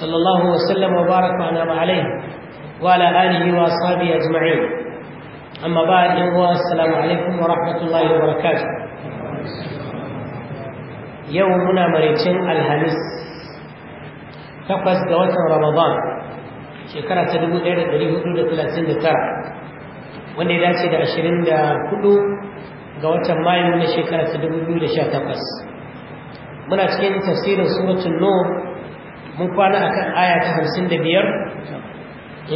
صلى الله وسلم وبارك وانعم عليه وعلى اله واصحابه اجمعين اما بعد السلام عليكم ورحمه الله وبركاته يومنا مريتين الهميس تقص دوات رمضان شكرا تدبو دير دريه دولة ثلاثين دتارا wanda ya dace da ashirin da hudu ga watan mayu na shekara ta dubu biyu da sha takwas muna cikin tafsirin suratun nur mun kwana a kan aya ta hamsin da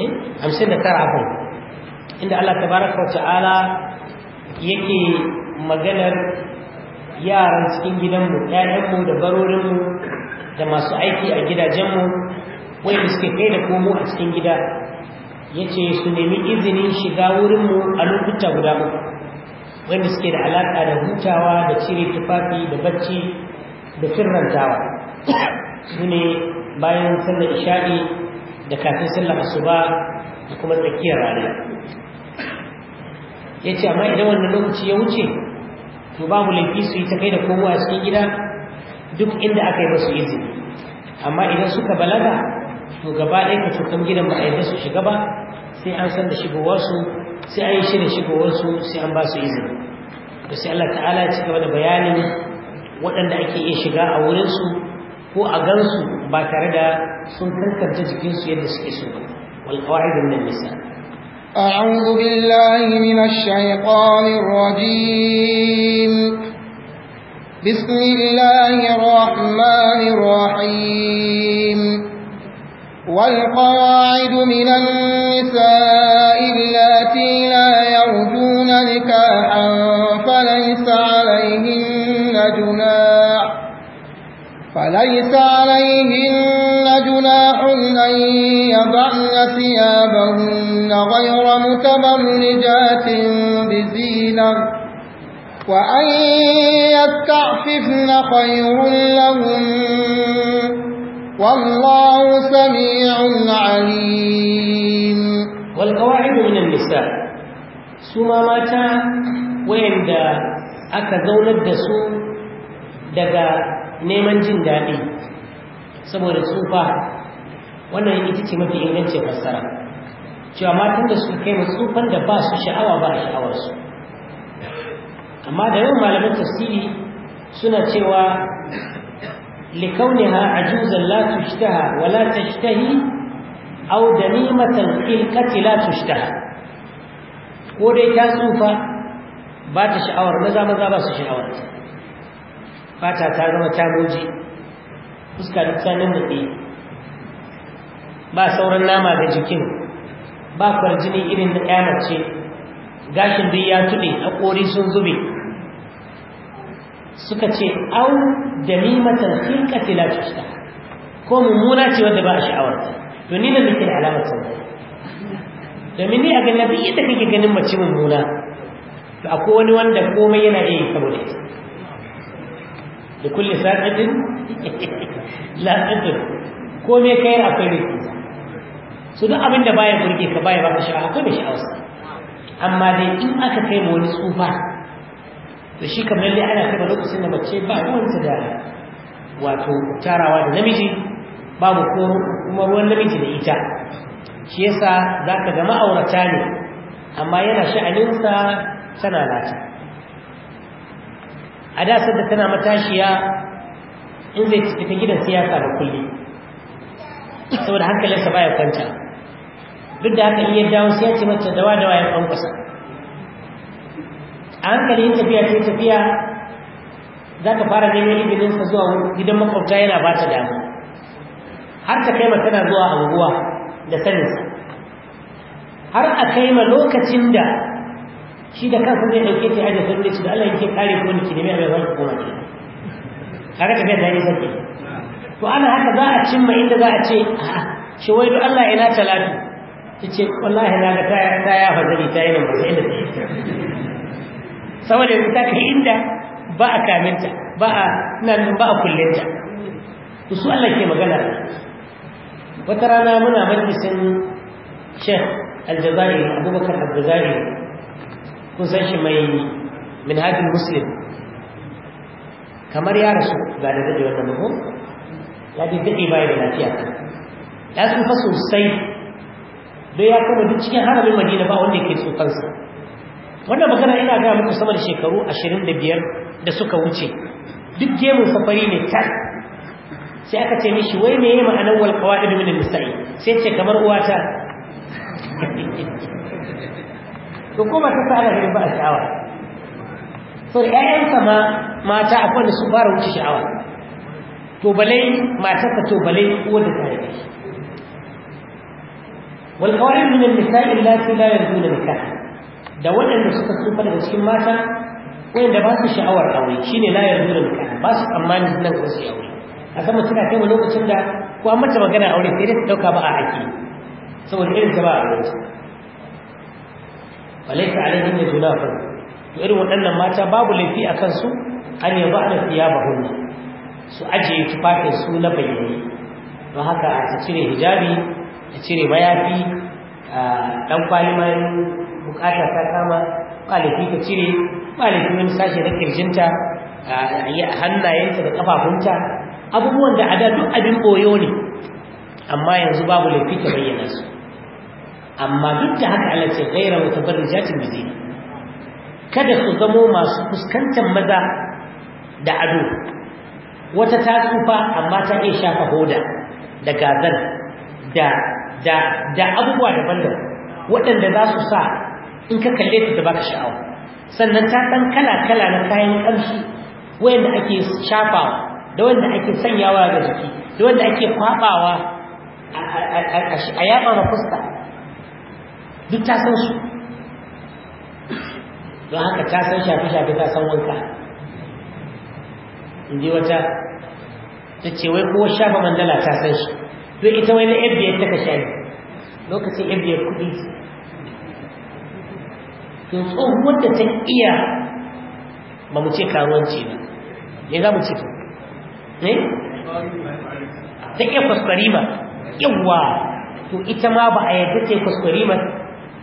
eh, hamsin da tara afan inda Allah Ta baraka wa ta'ala yake maganar yaran cikin gidanmu ƴaƴanmu da barorinmu da masu aiki a gidajenmu wanda suke kai da komo a cikin gida ya ce su nemi izinin shiga wurinmu a lokuta guda mu wanda suke da alaƙa da hutawa da cire tufafi da bacci da firrantawa su ne bayan sallar isha'i da kafin sallar asuba da kuma tsakiyar rana ya ce amma idan wannan lokaci ya wuce to babu laifi su yi ta kai da komo cikin gida duk inda aka yi masu izini amma idan suka balaga to gaba ɗaya ka cutar gidan ba a yarda su shiga ba sai an san da shigowarsu sai an yi shirin shigowarsu sai an ba su izini to sai Allah ta'ala ya ci gaba da bayanin waɗanda ake iya shiga a wurinsu ko a gansu ba tare da sun tankanta jikinsu yadda suke so ba wal qa'id min nisa a'udhu billahi minash shaitanir rajim bismillahir rahmanir rahim wal qa'id min nisa illati la yarjuna nikahan falaysa وليس عليهن جناح أن يضعن ثيابهن غير متبرجات بزينة وأن يستعففن خير لهم والله سميع عليم والقواعد من النساء ما كان وين دا أكا زولد دسو daga neman jin daɗi saboda tsufa wannan ita ce mafi ingancin fassara cewa matan da su kai tsufan da ba su sha'awa ba a sha'awarsu amma da yawan malaman tafsiri suna cewa likauniha juzan latu tushtaha wa la tashtahi aw damimatan ilkati latu tushtaha ko dai ta tsufa ba ta sha'awar maza maza ba su sha'awar fata ta zama ta goji fuska duk sanin nutse ba sauran nama ga jikin ba kwarjini irin na ƙyamace gashin duk ya tuɗe haƙori sun zube suka ce au da nimatan firkati la tushta ko mummuna ce wadda ba a sha'awarta to ni da nake da alamar sauran domin ni a ganin yadda kake ganin mace mummuna to akwai wani wanda komai yana iya yi saboda ita da kulle sa'adin la'adin ko me kai akwai ne su duk abin da baya burge ka baya baka sha'awa akwai mai sha'awa amma dai in aka kai ma wani tsufa da shi kamar dai ana kai lokacin da mace ba ruwanta da wato tarawa da namiji babu ko kuma ruwan namiji da ita shi yasa zaka ga ma'aurata ne amma yana sha'aninsa tana nata a da sadda tana matashiya in zai cikin gidan siyasa da kulle saboda hankalinsa baya kwanta duk da haka iya dawo sai ya ce mace dawa dawa ya kwankwasa a hankalin tafiya ce tafiya za ka fara neman izininsa zuwa gidan makwabta yana ba ta damu har ta kai tana zuwa anguwa da saninsa har a kai ma lokacin da shi da kansa zai dauke ta aje sun ce da Allah yake kare ko niki ne nemi Allah zan koma ki kaga tafiya da yake sai to ana haka za a cimma inda za a ce shi wai duk Allah ina talatu tace wallahi na ga ta ta ya fadari ta yi nan ba sai inda ta saboda ta kai inda ba a kaminta ba a nan ba a kullinta to su Allah ke magana wata rana muna majalisin Sheikh Al-Jazairi Abubakar Al-Jazairi kun san shi mai minhajin muslim kamar ya rasu ga da daɗe wannan mutum ya bi daɗe baya da lafiya ya tsufa sosai don ya koma duk cikin haramin madina ba wanda ke tsufansa? wannan magana ina gaya muku sama da shekaru ashirin da biyar da suka wuce duk gemun safari ne tak sai aka ce mishi wai me ma'anar walƙawa da min sai ce kamar uwata to kuma ta sa ana ba a sha'awa so da ƴaƴansa ma mata akwai da su fara wuce sha'awa to balai ka to balai wanda ta yi shi wal qawaid min an-nisa'i allati la yarjuna nikah da waɗanda suka tsufa daga cikin mata wanda ba su sha'awar aure shine la yarjuna nikah ba su tsammani nan ko su aure a sama suna kai wa lokacin da ko an mata magana aure sai dai su dauka ba a haƙi saboda irin ta ba a aure falaita alaihim ya to irin waɗannan mata babu laifi a kansu an yaba da fiyaba su ajiye tufafin su na bayyane don haka su cire hijabi su cire mayafi dan kwali ma bukata ta kama kwalifi ka cire kwalifi wani sashe na kirjinta hannayenta da kafafunta abubuwan da a da duk abin boyo ne amma yanzu babu laifi ta bayyana su amma duk da haka Allah ce gaira wa tabarrujatin zai kada ku zamo masu fuskantar maza da ado wata ta tsufa amma ta iya shafa hoda da gazar da da da abubuwa daban-daban waɗanda za su sa in ka kalle ta da baka sha'awa sannan ta ɗan kala-kala na kayan ƙamshi wayanda ake shafawa da wanda ake sanyawa ga jiki da wanda ake kwaɓawa a yaɓa na fuska duk ta san su don haka ta san shafi-shafi ta san wanka inda wata ta ce wai kowa shafa mandala ta san shi don ita wai na fda ta ka shayi lokacin fda kudi to tsohuwar da ta iya ba mu ce karuwanci ba ne za mu ce to eh? ne ta iya kwaskwari ba yawwa to ita ma ba a yadda ta yi kwaskwari ba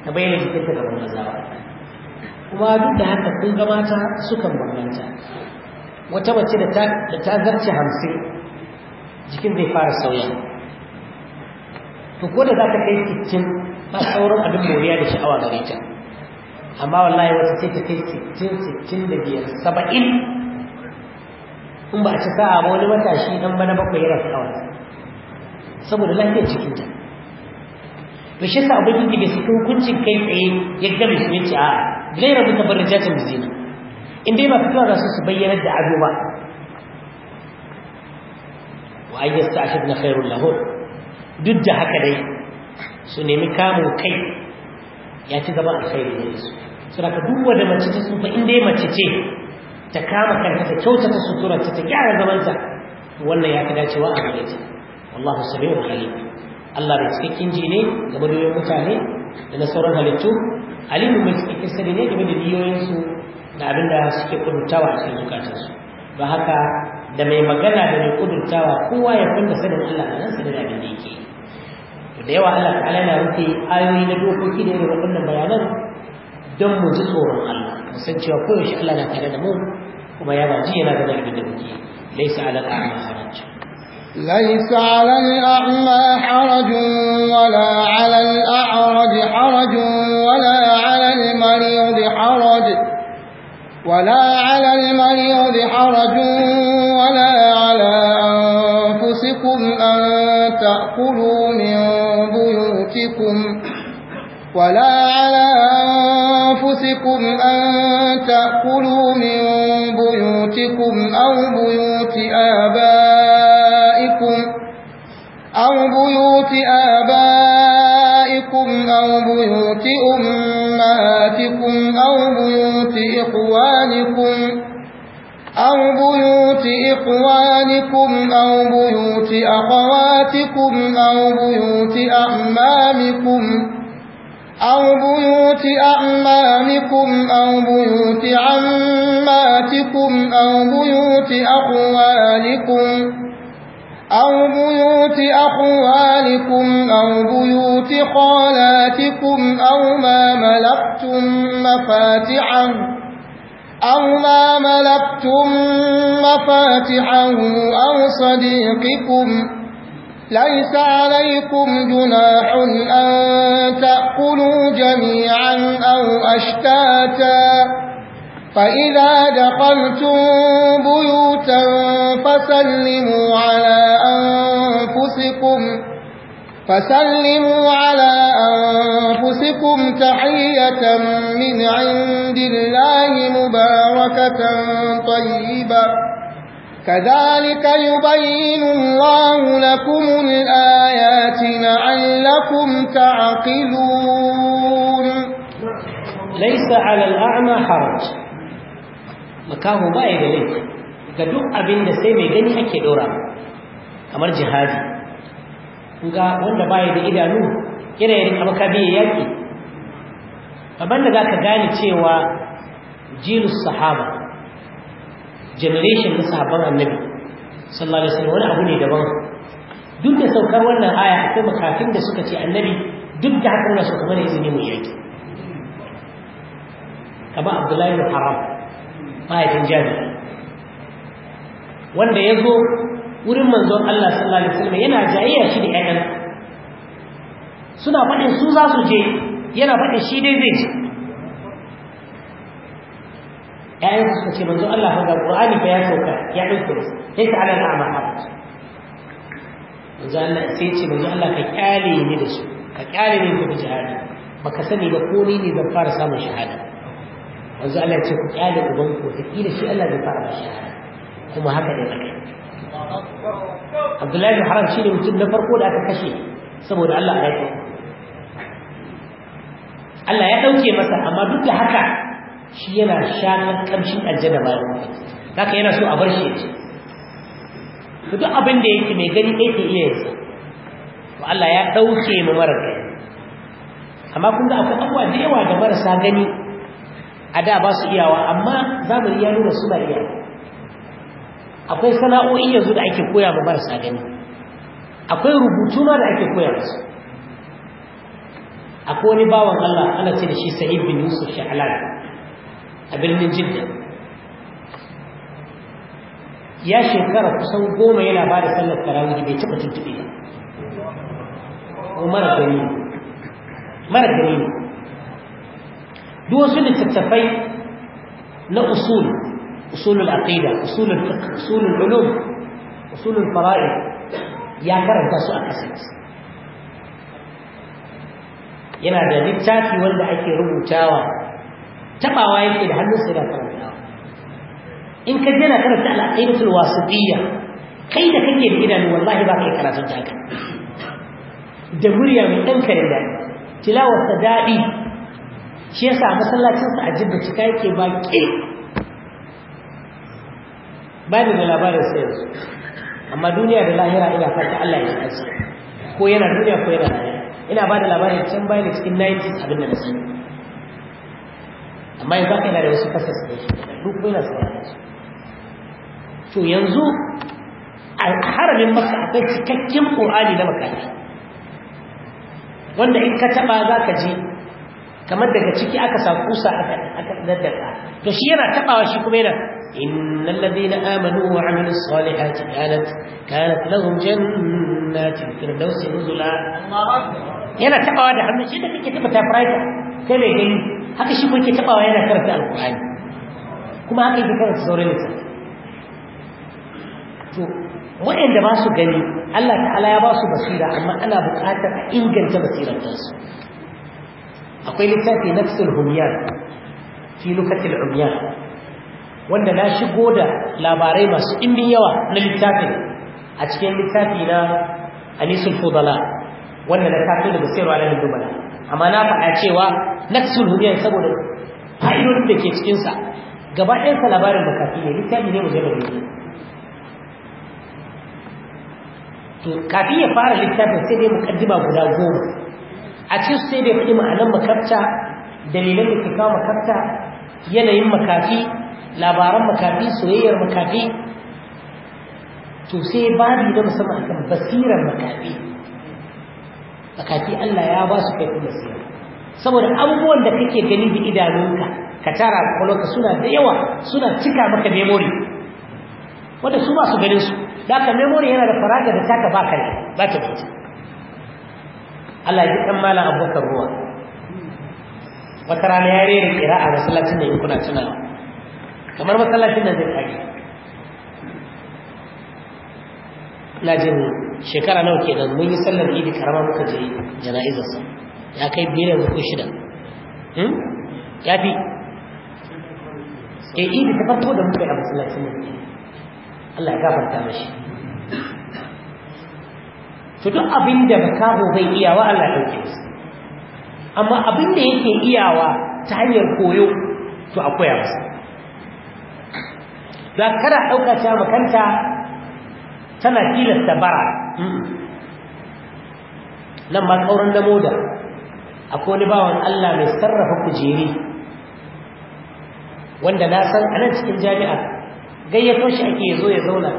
ta bayyana jikinta gaban maza kuma duk da haka sun ga mata sukan bambanta wata mace da ta zarce hamsin jikin zai fara sauya to ko da za ta kai sittin ba sauran abin moriya da sha'awa gare ta amma wallahi wata sai ta kai sittin sittin da biyar saba'in in ba a ci sa'a ba wani matashi dan bana bakwai yana sha'awa saboda lafiyar cikinta to shi yasa ubangiji bai saki hukuncin kai tsaye ya gami su yace a gaira bin tabar rajatul zina in dai ba su za su su bayyana da ado ba wa ayyasta ashadna khairul lahum duk da haka dai su nemi kamun kai ya ci zama alkhairi ne su suna ka duk wanda mace ta tsufa in dai mace ce ta kama kanta ta kyautata suturarta ta gyara zamanta wannan ya fi dacewa a gare ta wallahu samiu alim Allah da cikakken ji ne game da yoyin mutane da na sauran halittu alimu mai cikakken sani ne game da biyoyinsu da abin da suke kudurtawa a cikin zukatansu Ba haka da mai magana da mai kudurtawa kowa ya kunda sanin Allah a nan sanin abin da yake da yawa Allah ta'ala yana rufe ayoyi na dokoki da irin wannan bayanan don mu ji tsoron Allah mu san cewa koyaushe Allah na tare da mu kuma yana ji yana ganin abin da muke laisa ala ta'ala ليس على الأعمى حرج ولا على الأعرج حرج ولا على المريض حرج ولا على المريض حرج ولا على أنفسكم أن تأكلوا من بيوتكم ولا على أنفسكم أن تأكلوا من بيوتكم أو بيوت آباء بيوت آبائكم أو بيوت أمهاتكم أو بيوت إخوانكم أو بيوت إخوانكم أو بيوت أخواتكم أو بيوت أعمامكم أو بيوت أعمامكم أو بيوت عماتكم أو بيوت أخوالكم أو بيوت أخوالكم أو بيوت خالاتكم أو ما ملكتم مفاتحا أو ما ملكتم مفاتحه أو صديقكم ليس عليكم جناح أن تأكلوا جميعا أو أشتاتا فإذا دخلتم بيوتا فسلموا على أنفسكم فسلموا على أنفسكم تحية من عند الله مباركة طيبة كذلك يبين الله لكم الآيات لعلكم تعقلون ليس على الأعمى حرج makaho ba ya da ga duk abin da sai mai gani ake dora kamar jihadi ga wanda ba da idanu yana yin abu ya biya yaƙi abin da za ka gane cewa jilus sahaba generation na sahabban annabi sallallahu alaihi wasallam wani abu ne daban duk da saukar wannan aya akwai makafin da suka ce annabi duk da haka suka mana izini mu yaki kaba abdullahi bin haram mahaifin jami wanda ya zo wurin manzon Allah sallallahu alaihi wasallam yana jayayya shi da ƴaƴan suna faɗin su za su je yana faɗin shi dai zai ce ƴaƴan su suka ce manzon Allah fa ga Qur'ani fa ya sauka ya dauke da sai ta ala na'ama habbat manzon Allah sai ce manzon Allah ka kyale ni da su ka kyale ni da jihadi baka sani ba ko ni ne zan fara samun shahada wanzu Allah ya ce ku kyale ubanku da shi Allah zai fara shi kuma haka ne aka Abdullahi bin Haram shine mutum na farko da aka kashe saboda Allah ya yi Allah ya dauke masa amma duk da haka shi yana shakar kamshin aljanna ba haka yana so a bar shi to duk abin da yake mai gani ke iya yi to Allah ya dauke mu mara amma kun ga akwai abuwa da yawa da marasa gani a da ba su iyawa amma zamani ya nuna suna iya akwai sana'o'i yanzu da ake koya ma marasa gani akwai rubutu ma da ake koya masu akwai wani bawan Allah ana ce da shi sa'id bin yusuf sha'alan a birnin jidda ya shekara kusan goma yana ba da sallar da bai taɓa tuntuɓe mara gani mara gani ne duk wasu littattafai na usul usulul aqida usulul fiqh usulul ulum usulul fara'id ya karanta su a kasance yana da littafi wanda ake rubutawa tabawa yake da hannunsa da karantawa in ka je na karanta al-aqidatul wasitiyya kai da kake da idanu wallahi ba kai karatun ta haka da murya mai dan karin da tilawar ta dadi shi yasa a masallacinsa a jidda cika yake ba ke ba da labarin sai yanzu amma duniya da lahira ina fata Allah ya shi ko yana duniya ko yana lahira ina ba da labarin can bayan cikin 90s abin da na sani amma yanzu haka yana da wasu kasas da shi duk kuma yana sauran su to yanzu a haramin maka akwai cikakken ƙorani na makarai wanda in ka taɓa za ka je kamar daga ciki aka sa kusa aka aka daddaka to shi yana tabawa shi kuma yana innal ladina amanu wa amilus salihati kanat kanat lahum jannatin firdaus nuzula yana tabawa da hannu shi da kake taba typewriter kai mai gani haka shi kuma ke tabawa yana karanta alqur'ani kuma haka yake karanta sauran littafi to waɗanda ba su gani Allah ta'ala ya ba su basira amma ana buƙatar a inganta basirar su akwai littafi na humyan fi lokacin umyan wanda na shigo da labarai masu ɗimbin yawa na littafin a cikin littafi na anisul fudala wanda na tafi da basirwa na dubala amma na faɗa cewa nafsul humyan saboda fa'idodin da ke cikinsa gaba ɗansa labarin makafi ne littafi ne mujallar ne kafin ya fara littafin sai dai mukaddima guda goma a cikin su sai da faɗi ma'anar makarta dalilan da ke kawo makarta yanayin makafi labaran makafi soyayyar makafi to sai ba ni na musamman akan basirar makafi makafi Allah ya ba su kaifin basira saboda abubuwan da kake gani da idanunka ka tara kwakwalwarka suna da yawa suna cika maka memory wanda su ba su ganin su da aka memory yana da faraga da taka ba ka ba ta fita. Allah ya kan malam abubakar ruwa wata rana ya rere kira a masallacin da kuna tuna kamar masallacin da zai kage na jin shekara nawa kenan mun yi sallar idi karama muka je jana'izarsa ya kai biyar da ko shida hmm? ya fi e eh, idi ta farko da muka yi a masallacin da Allah ya gafarta mashi to duk abin da makabo bai iyawa Allah dauke shi amma abin da yake iyawa ta hanyar koyo to a koya masa kada ɗauka ta makanta tana tilasta bara nan ma kauran da moda akwai wani bawan Allah mai sarrafa kujeri wanda na san a nan cikin jami'a gayyato shi ake zo ya zauna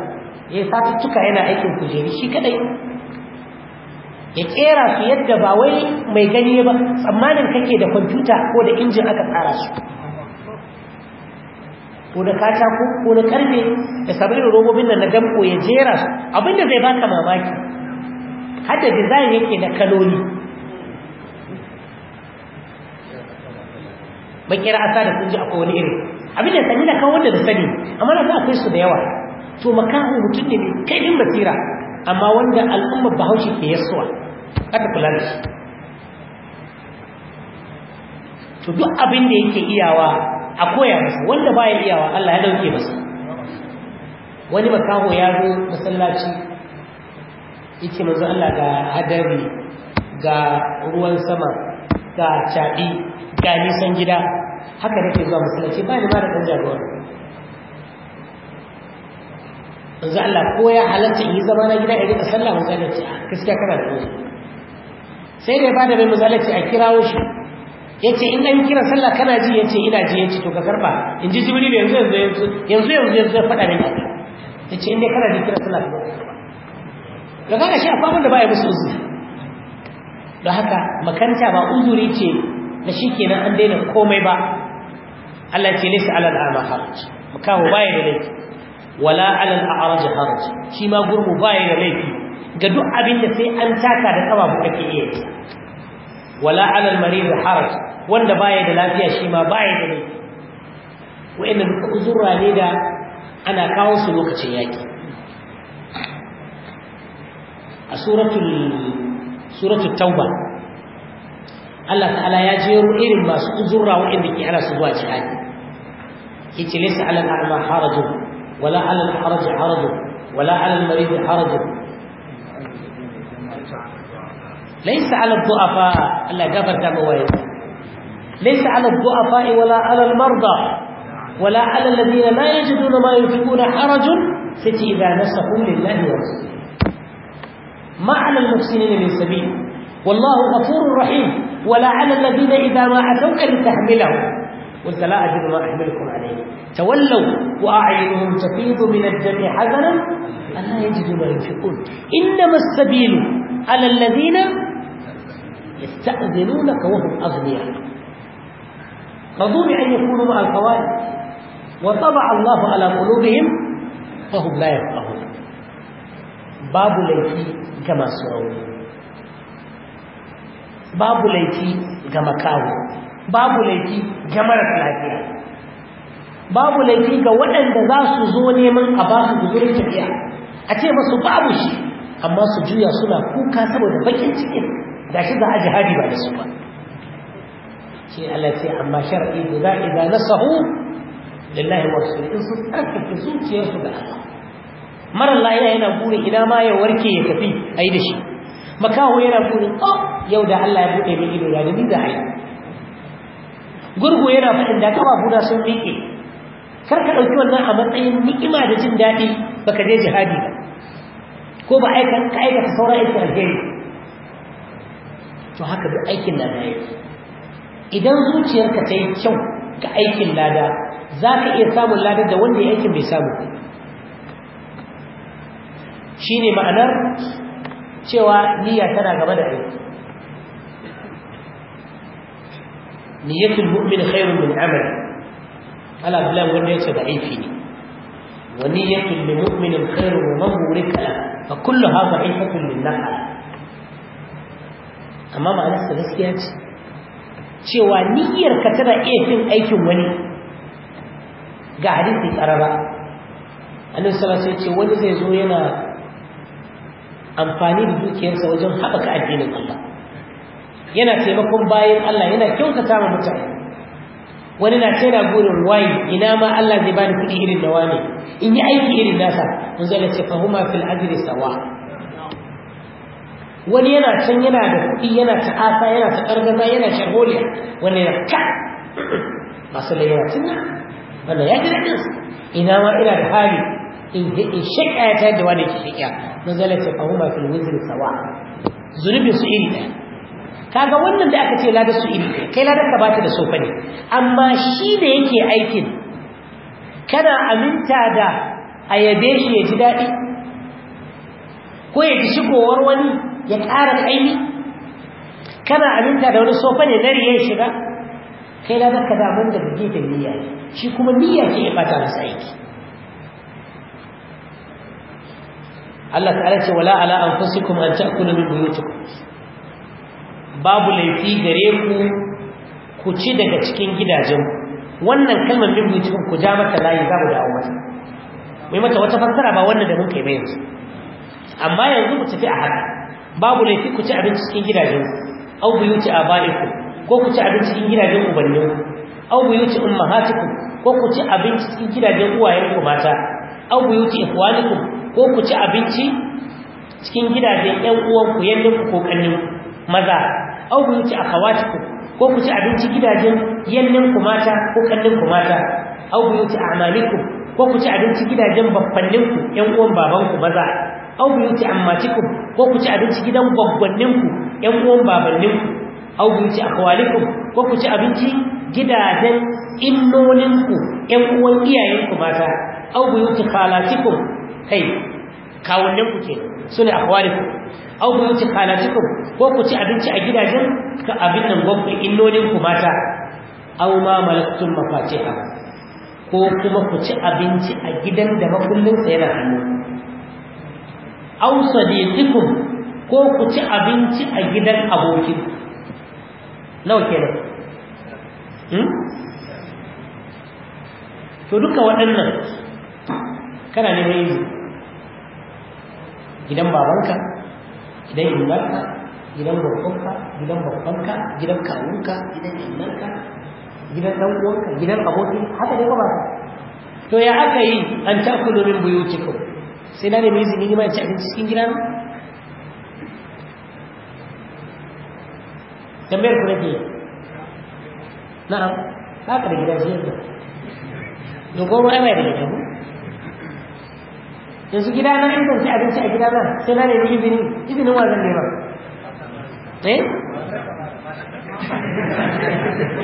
ya yi satuttuka yana aikin kujeri shi kadai ya kera su yadda ba wai mai gani ba tsammanin kake da kwamfuta ko da injin aka tsara su ko da katako ko da karfe da sabbin robobin nan na gamko ya jera su abinda zai baka mamaki har design yake da kaloli kira asa da kunji ji akwai wani iri abinda sani da kawo wanda da sani amma na akwai su da yawa to makahun mutum ne mai kaifin basira amma wanda al'ummar bahaushe ke yasuwa aka kula da shi to duk abin da yake iyawa a koya masa wanda baya iyawa Allah ya dauke masa wani makaho ya zo masallaci yake manzo Allah ga hadari ga ruwan sama ga chadi ga nisan gida haka nake zuwa masallaci ba ni ba da dan jagora yanzu Allah ko ya halatta yi zama na gida irin sallah mazalaci gaskiya kana da wuri sai da ya bada mai mazalaci a kirawo shi yace in an kira sallah kana ji yace ina ji yace to ka karba in ji jibril yanzu yanzu yanzu yanzu yanzu yanzu ya faɗa miki yace in dai kana ji kira sallah ka ga shi akwai abin da ya musu uzuri don haka makanta ba uzuri ce da shi kenan an daina komai ba Allah ce laysa alal a'ma haraj makawo baya da laifi wala alal a'raj haraj shi ma gurbu bai da laifi ga duk abin da sai an taka da kawa ku kake iya wala alal marid haraj wanda baya da lafiya shi ma baya da laifi wa'annan duka uzura ne da ana kawo su lokacin yaki a suratul suratul tauba Allah ta'ala ya jero irin masu uzura wa'anda ke ana su zuwa jihadi yace laysa alal a'ma harajun ولا على الحرج حرج ولا على المريض حرج ليس على الضعفاء الا غفر تمويه ليس على الضعفاء ولا على المرضى ولا على الذين لا يجدون ما ينفقون حرج ستي إذا نصحوا لله ورسوله ما على المحسنين من سبيل والله غفور رحيم ولا على الذين إذا ما أتوك لتحملهم قلت لا أجد ما أحملكم عليه تولوا وأعينهم تفيض من الدم حزنا ألا يجدوا ما ينفقون إنما السبيل على الذين يستأذنونك وهم أغنياء رضوا بأن يكونوا مع الخوارج وطبع الله على قلوبهم فهم لا يفقهون باب ليتي كما سرون باب ليتي كما كاوي babu laifi ga marar lafiya babu laifi ga waɗanda za su zo neman a ba su guzurin tafiya a ce masu babu shi amma su juya suna kuka saboda bakin cikin da shi za a jihadi ba da su ba shi Allah ce amma shar'i guda idan nasahu lillahi wa rasul in sun tsarkake zuciyarsu da Allah marar lafiya yana burin ina ma ya warke ya tafi yi da shi makaho yana burin oh yau da Allah ya buɗe min ido da ni da ai gurgu yana faɗin da ƙafafuna sun miƙe kar ka ɗauki wannan a matsayin ni'ima da jin daɗi ka je jihadi ba ko ba ka aikata sauran aikin alheri to haka duk aikin lada yake idan zuciyarka ta yi kyau ga aikin lada za ka iya samun ladar da wanda ya aikin bai samu shi ne ma'anar cewa niyya tana gaba da aiki niyyatul mu'min khairun min amal ala bilan wanda yace da aifi ne wa niyyatul mu'min khairun wa mamurika fa kullu hadha ifatun lillah amma ma'anar sa gaskiya ce cewa niyyar ka tana iya fin aikin wani ga hadisi karara annabi sallallahu alaihi wasallam ce wani zai zo yana amfani da dukiyarsa wajen haɓaka addinin Allah yana taimakon bayan Allah yana kyautata ma mutane wani na tana gurin wani ina ma Allah zai bani kuɗi irin da wani in yi aiki irin nasa mun zala ce fa huma fil ajri sawa wani yana can yana da kuɗi yana ta'asa yana ta ƙargaza yana sharholiya wani yana ka masu layyara tunna wanda ya ji daɗin ina ma ina da hali in shaƙa ya tayar da wani ke shaƙa mun zala ce fa huma fil wuzri sawa zunubin su iri ɗaya kaga wannan da aka ce ladar su iri kai kai ladar ka bata ta da sofa ne amma shi da yake aikin kana aminta da a yabe shi ya ji daɗi ko ya ji shigowar wani ya ƙara ƙaimi kana aminta da wani sofa ne na ya shiga kai ladar ka damar daga gefen niyya shi kuma niyya ce ya ɓata masa aiki Allah ta'ala ce wala ala anfusikum an ta'kulu min buyutikum babu laifi gare ku ku ci daga cikin gidajen wannan kalmar min buyutikum ku ja mata layi za mu dawo mata mai mata wata fassara ba wannan da mun kai ba yanzu amma yanzu ku tafi a haka babu laifi ku ci abinci cikin gidajen au buyuti abaiku ko ku ci abinci cikin gidajen ubannin au buyuti ummahatikum ko ku ci abinci cikin gidajen ku mata au buyuti ikhwanikum ko ku ci abinci cikin gidajen ƴan uwanku yanninku ko kanninku maza au ku ci ku, ko ku ci abinci gidajen yannin ku mata ko kallin ku mata au ku ci amaliku ko ku ci abinci gidajen babbannin ku yan uwan baban ku maza au ku ci ammatikum ko ku ci abinci gidan gwaggwannin ku yan uwan babannin ku au ku ci akhawalikum ko ku ci abinci gidajen ku yan uwan iyayen ku mata au ku ci khalatikum kai kawunnen ku ke su ne akhwalikum aw ku ci khalatikum ko ku ci abinci a gidajen ka abin nan gwamku illolin ku mata aw ma malaktum mafatiha ko kuma ku ci abinci a gidan da makullin sa yana hannu aw sadiqikum ko ku ci abinci a gidan abokin nawa ke hmm to duka waɗannan kana neman izini gidan babanka gidan imanka gidan babbanka gidan babbanka gidan kawunka gidan imarka gidan dan gidan abokin haka dai kuma to ya aka yi an takulu min ciko sai na nemi izini ne ma ci abinci cikin gidan tambayar ku nake na'am haka da gidan shi yadda dogon ruwa mai da gidan yanzu gida na in zanci abinci a gida na sai na nemi izini izinin wa zan nema eh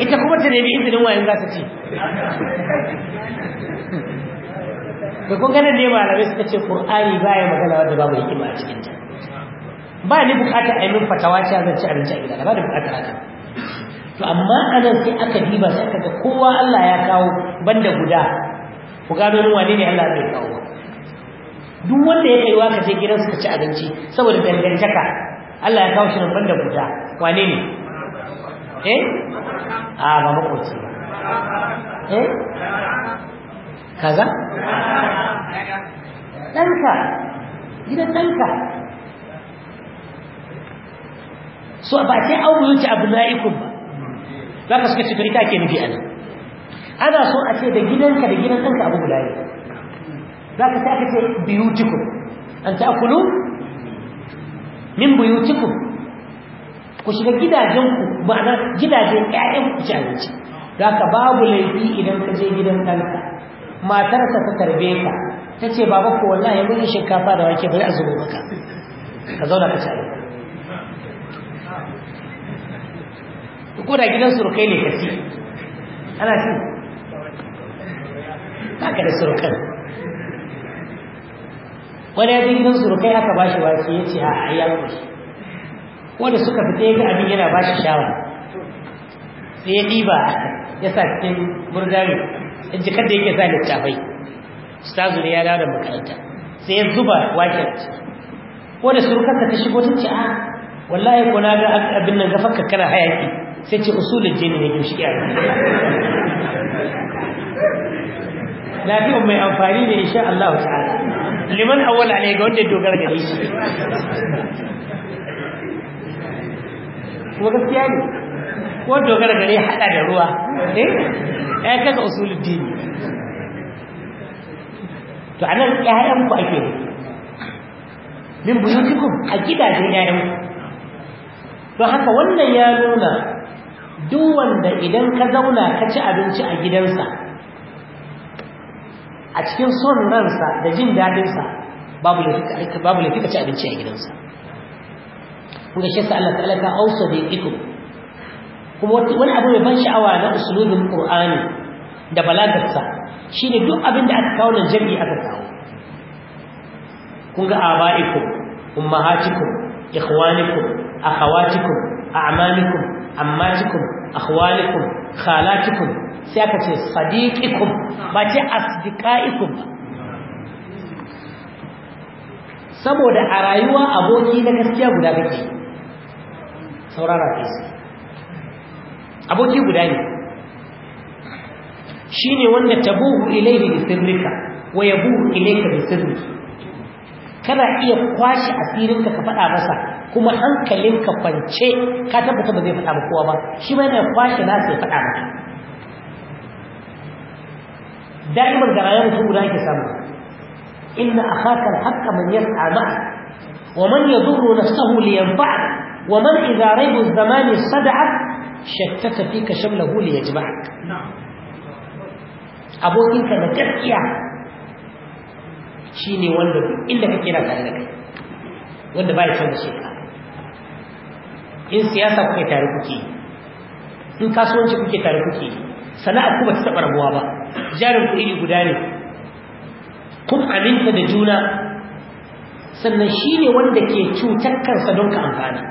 ita kuma ta nemi izinin wa in za ta ci da kun ganin ne malamai suka ce qur'ani baya magana wanda babu hikima a cikin ta ba ni bukatar a yi min fatawa cewa zan ci abinci a gida ba da bukatar haka to amma anan sai aka diba sai aka ga kowa Allah ya kawo banda guda ku gano ni wane ne Allah zai kawo duk wanda ya kaiwa ka je gidansu ka ci abinci saboda dangantaka Allah ya kawo shi nan banda guda wane ne eh ah ba makoci eh kaza danka gidan danka so ba ce aure ci abu na'ikum ba za ka suka ci firka ke nufi ana ana so a ce da gidanka da gidan danka abu guda za ka sai aka ce biyutikum an ta'kulu min buyutikum ku shiga gidajen gidajenku ma'ana gidajen ƴaƴan ku ci abinci za ka babu laifi idan ka je gidan ɗanka matarsa ta tarbe ka ta ce baba ko wallahi yanzu shinkafa da wake bari a zubo maka ka zauna ka ci abinci ko da gidan surukai ne ka ana ci haka da surukan wani ya je su rukai aka ba shi wake ya ce a ya shi wanda suka fita ya ga abin yana ba shi shawa sai ya diba ya sa cikin burgari ya jikar da yake sa littafai stazu ne ya dawo da makaranta sai ya zuba wake wanda surukarsa ta shigo ta ce a ah, wallahi ko na ga abin nan gafarka kana hayaki sai ce usulin jini ne gishi ya lafiyar mai amfani ne insha Allah ta'ala liman awwal alai ga wanda dogara ga shi kuma gaskiya ne ko dogara gare hada da ruwa eh ya kaga usulul dini to anan ƴaƴan ku ake min buyutikum a gidajen ƴaƴan ku to haka wannan ya nuna duk wanda idan ka zauna ka ci abinci a gidansa a cikin son ransa da jin daɗinsa babu lafi babu ci abinci a gidansa kun ga shi sa Allah ta'ala ka ausa bi kuma wani abu mai ban sha'awa na usulubin ƙur'ani da balagarsa shine duk abin da aka kawo nan jami'i aka kawo kun ga aba'ikum ummahatikum ikhwanikum akhawatikum a'malikum ammatikum akhwalikum khalatikum sai aka ce sadiqikum ba ce asdiqaikum ba saboda a rayuwa aboki na gaskiya guda kake saurara kai aboki guda ne shine wanda tabuhu ilaihi bi sirrika wa yabuhu ilaika bi sirrika kana iya kwashi asirinka ka faɗa masa kuma hankalinka kwance ka tabbata ba zai faɗa ba kowa ba shi ma yana kwashi na sai faɗa maka da'imar da rayuwar mutum guda yake samu inna akhaka al-haqqa man yas'a ma'a wa man yadurru nafsahu li yanfa'a wa man idha raybu az sada'a shattaka fika shamlahu li yajma'ak abokinka na gaskiya shine wanda tare da kai wanda ba ya in siyasa kuke tare kuke in kasuwanci kuke tare kuke sana'a ku ba ta taɓa rabuwa ba jarin ku iri guda ne kun aminta da juna sannan shi ne wanda ke cutar kansa don ka amfani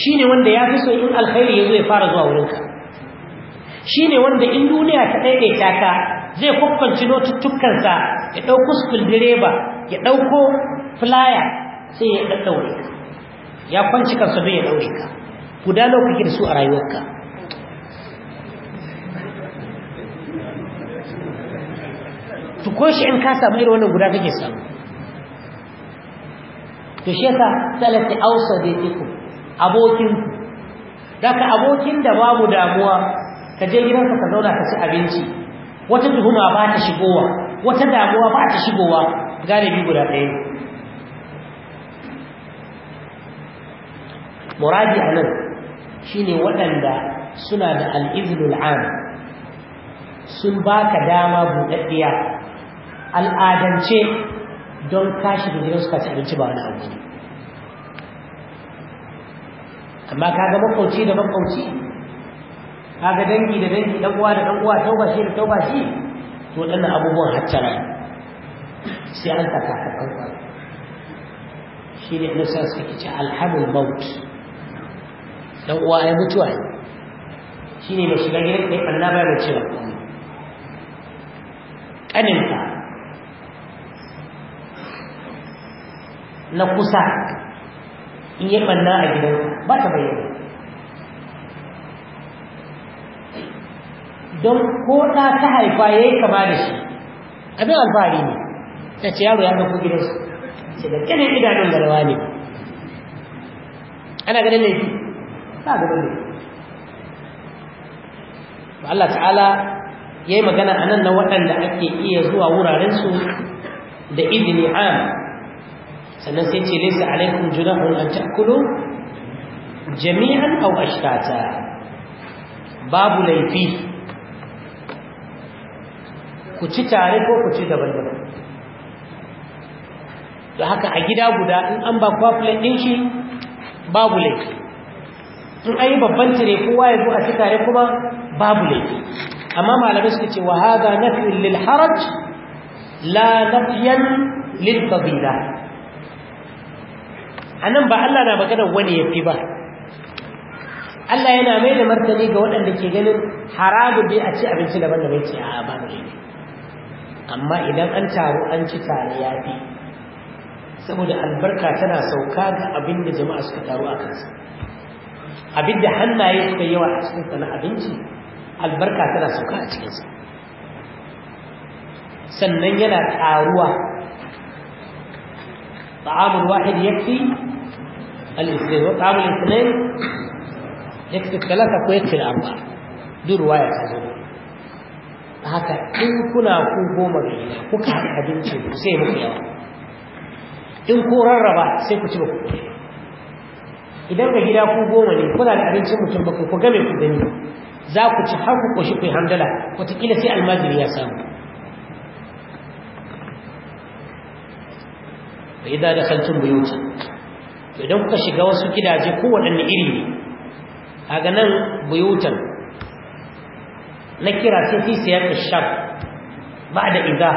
shi ne wanda ya fi so in alkhairi ya zo ya fara zuwa wurinka shi ne wanda in duniya ta ɗaiɗaita ka zai kwakwanci notuttukansa ya ɗauko direba ya ɗauko filaya sai ya ɗaɗɗaure ka ya kwanci kansa don ya ɗaure ka guda lokaci da su a rayuwarka to ko shi in ka samu irin wannan guda kake samu to shi yasa salati ausa da tiku abokin daga abokin da babu damuwa ka je gidanka ka zauna ka ci abinci wata tuhuma ba ta shigowa wata damuwa ba ta shigowa galibi guda ɗaya muradi anan shine waɗanda suna da al'izinul an sun baka dama buɗaɗɗiya al'adance don kashi da gidansu suka abinci ba wani abu amma amma kaga makwauci da makwauci kaga dangi da dangi dan uwa da dan uwa tauba shi da tauba shi to dan abubuwan hattara sai an taka kanka shi ne na sa suke ce alhamul maut dan uwa ya mutuwa ne shi ne mai shiga gidan kai annabi mai cewa ƙaninka na kusa in yi ɓanna a gidan ba ta bayyana don ko ɗa ta haifa ya yi kama da shi abin alfahari ne ta ce yaro ya ɗauko gidansu ce da ƙanin idanun garawa ne ana ganin laifi ba ganin laifi Allah ta'ala ya yi magana a nan na waɗanda ake iya zuwa wurarensu da izini am sannan sai ce laysa alaikum junahun an ta'kulu jami'an aw ashtata babu laifi ku ci tare ko ku ci daban-daban da haka a gida guda in an ba kwafulan ɗin shi babu laifi in an yi babban tire kowa ya zo a ci tare kuma babu laifi amma malamai suka ce wa haga nafi lil haraj la nafiyan lil fadila anan ba Allah na magana wani yafi ba Allah yana mai da martani ga waɗanda ke ganin harabu bi a ci abinci daban da bai ci a ba ne amma idan an taru an ci tare yafi saboda albarka tana sauka ga abin da jama'a suka taru a kansa abin da hannaye suka yawa a cikin sana abinci albarka tana sauka a cikinsa sannan yana ƙaruwa طعام الواحد يكفي الاثنين وطعام الاثنين يكفي الثلاثة ويكفي الأربعة دي رواية حزنة haka in kuna goma gari kuka haɗa abinci sai muku yawa in ku rarraba sai ku ci ba ku idan ga gida ku goma ne kuna da abincin mutum ba ku game ku gani za ku ci harku ku ƙoshi ku yi hamdala wataƙila sai almajiri ya samu fa idza dakhaltum buyuta to idan kuka shiga wasu gidaje ko wadanne iri ne kaga nan buyutan nakira sai fi da ash Ba ba'da idza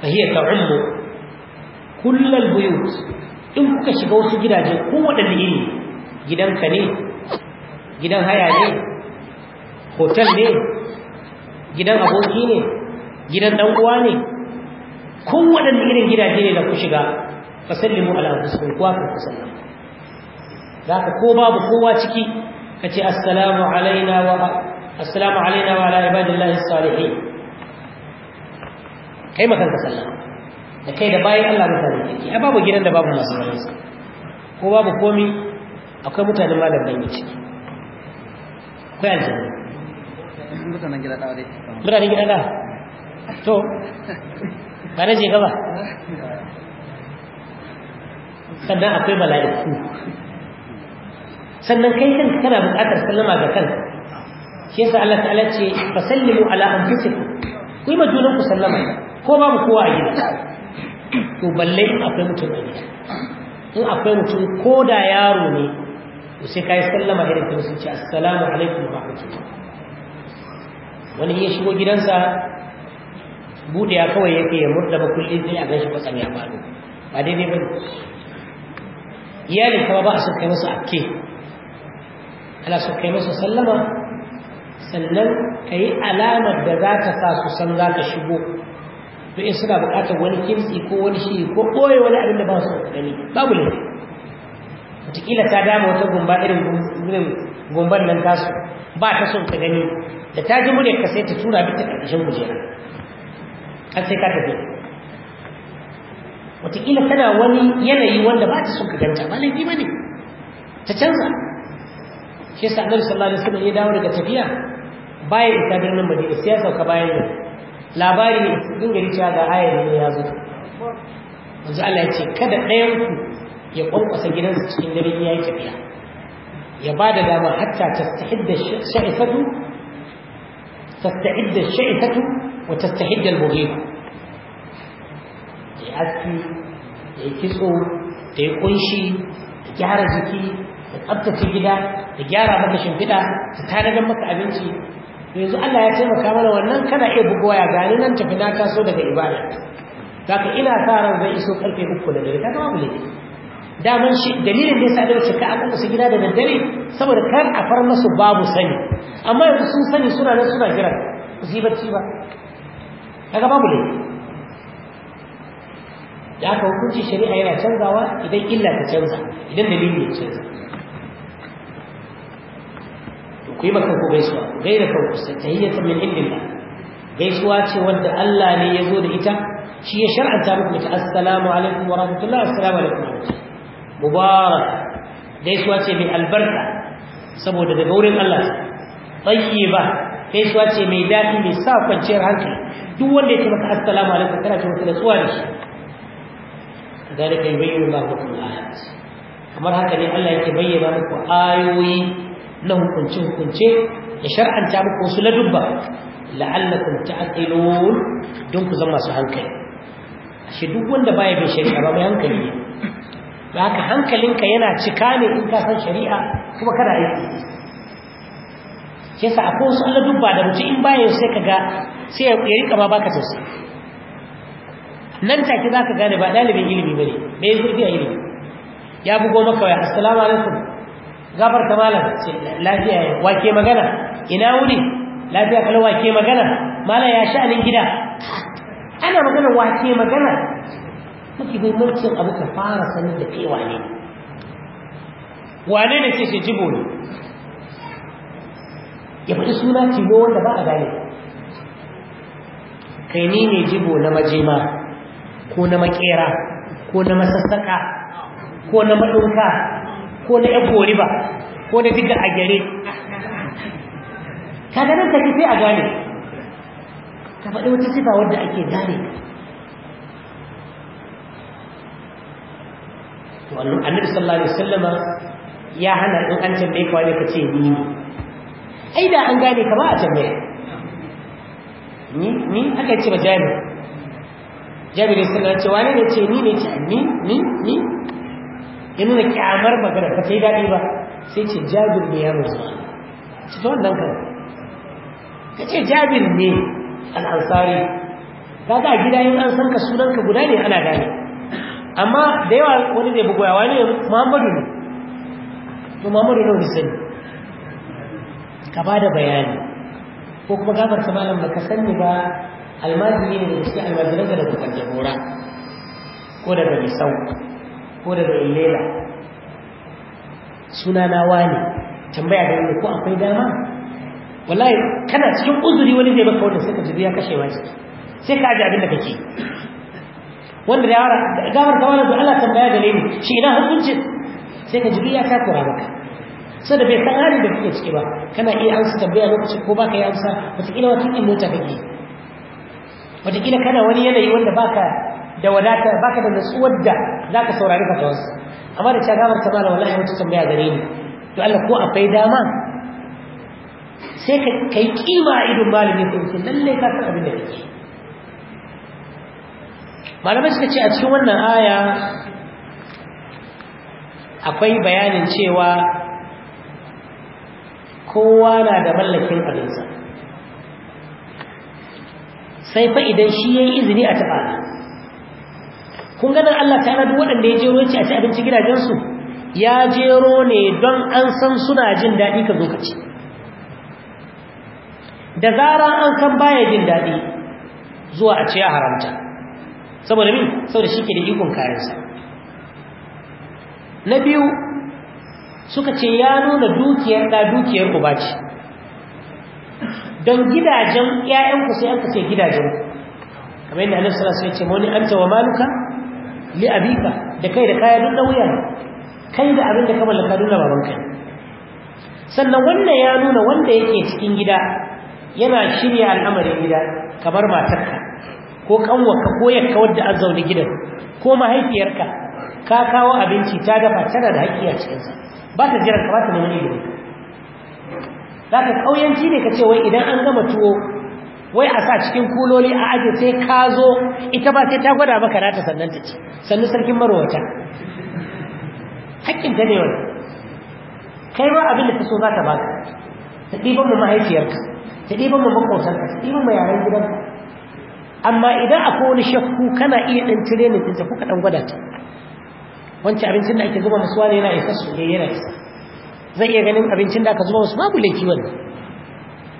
fa hiya ta'ummu kullal buyut in kuka shiga wasu gidaje ko wadanne iri gidanka ne gidan haya ne hotel ne gidan aboki ne gidan dan uwa ne kowaɗanne irin gidaje ne da ku shiga fa sallimu ala anfusikum ku ku sallama zaka ko babu kowa ciki kace assalamu alaina wa assalamu alaina wa ala ibadillahi salihin kai makan ka sallama da kai da bayan Allah mutane ciki a babu gidan da babu masu bayansa ko babu komi akwai mutane malam ban yi ciki akwai aljanna mutanen gidan da to bare je gaba sannan akwai mala'iku sannan kai kan kana buƙatar sallama ga kan shi yasa Allah ta'ala ce sallimu ala anfusikum ku yi ma junan ku sallama ko ba mu kowa a gida to balle in akwai mutum a gida in akwai mutum ko da yaro ne to sai kai sallama irin ta sun ce assalamu alaikum wa rahmatullah wani ya shigo gidansa ya kawai yake ya murda makulli sai a gan shi kwatsam ya faɗo ba daidai ba iyalin kuma ba a so kai masa akke ana so kai sallama sannan ka yi alamar da za ka sa su san za ka shigo to in suna buƙatar wani kimsi ko wani shi ko ɓoye wani abin da ba su gani babu ne wataƙila ta dama wata gumba irin gumban nan tasu ba ta son ta gani da ta ji muryar ka sai ta tura duk ta ƙarƙashin kujera har sai ka tafi wataƙila tana wani yanayi wanda ba ta son ka ganta ba laifi ba ne ta canza shi yasa annabi sallallahu alaihi wasallam ya dawo daga tafiya bayan isa birnin madina sai ya sauka bayan ne. labari ne cikin gari cewa ga ayar ne ya zo yanzu Allah ya ce kada ɗayan ku ya kwankwasa gidansa cikin dare ya yi tafiya ya ba da dama hatta ta tastahidda sha'ifatu tastahidda sha'ifatu وتستحد المغيبة يأتي يكسو تيقنشي تجارة جكي تتبتت جدا تجارة مكشن جدا تتانا جمك أبنشي yanzu Allah ya taimaka mana wannan kana iya bugowa ya gani nan tafi na taso daga ibada zaka ina sa ran zai iso karfe 3 da dare daman shi dalilin da yasa da cika aka kusa gida da daddare saboda kar a far masu babu sani amma yanzu sun sani suna nan suna jira su bacci ba kaga babu ne ya ka hukunci shari'a yana canzawa idan illa ta canza idan dalili ya canza to ku yi maka ku gaisuwa ku gaira kanku tahiyyatan min indillah gaisuwa ce wanda Allah ne ya zo da ita shi ya shar'anta muku ta assalamu alaikum wa rahmatullahi assalamu alaikum mubarak gaisuwa ce mai albarka saboda daga wurin Allah tayyiba gaisuwa ce mai daɗi mai sa kwanciyar hankali duk wanda ya ce maka assalamu alaikum kana ce masa da shi. da shi ذلك يبين الله لكم الآيات kamar haka ne Allah yake bayyana muku ayoyi na hukunce hukunce ya shar'anta muku wasu ladubba la'allakum ta'qilun don ku zama su hankali ashe duk wanda baya bin shari'a ba mai hankali ne ba haka hankalinka yana cika ne in ka san shari'a kuma kana aiki yasa akwai wasu Allah dubba da mutum in baya sai ka ga sai ya rika ma baka tausayi nan take ka gane ba dalibin ilimi bane bai zurfi a ilimi ya bugo maka asalama assalamu alaikum gabar ta malam lafiya ya wake magana ina wuri lafiya kala wake magana malam ya sha anin gida ana magana wake magana mafi muhimmancin abu ka fara sanin da kewa ne wane ne ce shi jibo ne ya faɗi suna tigo wanda ba a gane kai ni ne jibo na majima ko na makera ko na masassaka ko na maɗauka ko na ƴan ba ko na diga a gyare ka ta take sai a gane ka faɗi wata sifa wadda ake gane wannan annabi sallallahu alaihi wasallam ya hana in an tambaye ka wani ka ce ni ai da an gane kama a tambaye ni ni haka ce ba jami jami da suna ce wani ne ce ni ne ce ni ni ni ya nuna kyamar magana ka sai yi daɗi ba sai ce jabir ne ya rusa. ci ta wannan kan ka ce jabir ne al'ansari ka ga gida yin an san ka sunanka guda ne ana gane amma da yawa wani ne bugoya wani ne muhammadu ne to muhammadu ne wani sani ka ba da bayani ko kuma gabar ta malam baka sani ba almajiri ne da cikin almajiran da daga kanjabora ko daga misau ko daga illela suna na wani tambaya da wani ko akwai dama wallahi kana cikin uzuri wani zai baka wanda sai ka jibi ya kashe wa jiki sai ka ji abin da kake wanda da yawara gabar ta malam da Allah tambaya da ne shi ina hukuncin sai ka jibi ya kakura baka sai da bai san halin da kuke ciki ba kana iya amsa tambaya lokaci ko baka yi amsa wataƙila wata ƙin mota kake wataƙila kana wani yanayi wanda baka da wadata baka da natsuwar da za ka saurari fatawarsa amma da ta ta bala wallahi wata tambaya gare ni to Allah ko akwai dama sai ka kai kima a idon malami ko ce lalle ka san abin da kake malamai suka ce a cikin wannan aya akwai bayanin cewa kowa na da mallakin abinsa sai fa idan shi ya yi izini a ta'ala kun ganin Allah ta duk waɗanda ya jero ce a ci abinci gidajensu ya jero ne don an san suna jin daɗi ka zo ka ci da zarar an san baya jin daɗi zuwa a ce ya haramta saboda min saboda shi ke da ikon kayansa na biyu suka ce ya nuna dukiyar da dukiyar ku ce don gidajen ƴaƴan ku sai an ce gidajen ku kamar yadda Annabi sallallahu alaihi wasallam ya ce mawni anta wa maluka li abika da kai da kaya dauya kai da abin da ka mallaka baban babanka sannan wannan ya nuna wanda yake cikin gida yana shirya al'amarin gida kamar matarka ko kanwarka ko yakka wadda an zaune gidan ko mahaifiyarka ka kawo abinci ta dafa tana da haƙƙi a cikinsa ba ta jiran ka ba ta nemi ido za ka ƙauyanci ne ka ce wai idan an gama tuwo wai a sa cikin kuloli a ajiye sai ka zo ita ba sai ta gwada maka nata sannan ta ci sannan sarkin marowata hakkin ne wani kai ba abin da ta so za ta baka ta ɗiban mu mahaifiyarka ta ɗiban mu makwautarka ta ɗiban mu yaren gidan. amma idan akwai wani shakku kana iya ɗan cire ne ɗinta kuka ɗan gwada ta wancan abincin da ake zuba musu wani yana isa su yana isa zai iya ganin abincin da aka zuba musu babu laifi wannan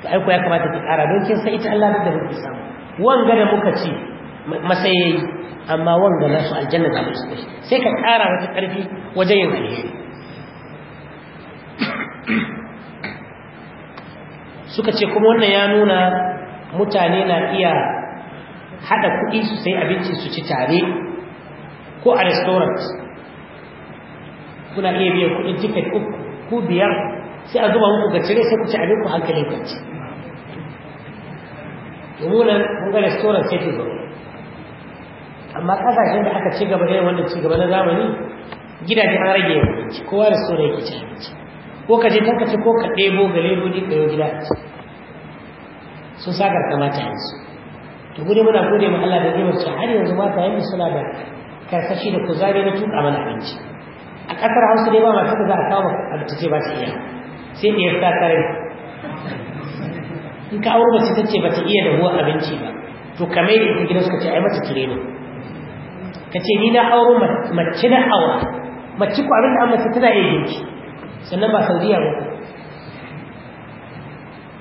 ka aiko ya kamata ki kara don kin san ita Allah da muke samu wanga da muka ci masayayi amma wanga na su aljanna da musu sai ka kara wata karfi wajen yin alheri suka ce kuma wannan ya nuna mutane na iya hada kuɗi su sai abinci su ci tare ko a restaurant kuna iya biyan kuɗin tiket uku ko biyar sai a zuba muku ga cire sai ku ci abin ku hankali kwanci domin nan kun ga restaurant sai ke amma kasashen da aka ci gaba da wannan ci gaba na zamani gidaje an rage yawan abinci kowa restaurant yake ci abinci ko ka je tankace ko ka ɗebo ga lebodi ɗayo gida sun sakar kamata yanzu to gudu muna gode ma Allah da mace har yanzu mata yanzu suna da karsashi da kuzari na tuka mana abinci a ƙasar hausa dai ba masu da za a kawo a ce ba ta iya sai ya ta kare in ka aure mace ta ce ba ta iya da ruwan abinci ba to da yadda gidan suka ce ai mata ne ka ce ni na auri mace na aura mace ko abin da an mace tana iya yanki. sannan ba saudiya ba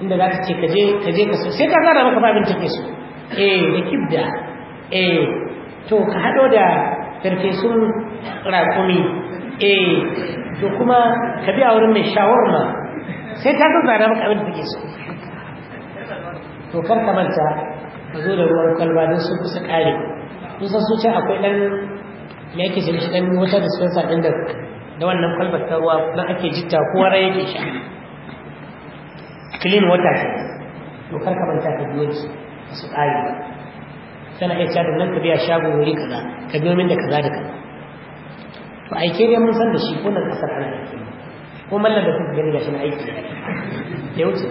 inda za ta ce ka je ka je ka so sai ka zara maka babin take so eh da kibda eh to ka hado da farfesun raƙumi eh to kuma ka bi a wurin mai shawarma sai ta zo zara maka abin da take so to kar ka manta ka zo da ruwan kwalba don su kusa kare kusan san ce akwai dan me yake shi shi dan wata dispenser din da da wannan kwalbar ta ruwa nan ake jitta ko rai yake sha clean water shi to kar ka manta ka biyo su su kare kana iya cewa nan ka biya shago wuri kaza ka biyo min da kaza da kaza to aike dai mun san da shi ko nan kasar ana aiki ko mallan da kuka gani gashi na aiki da wuce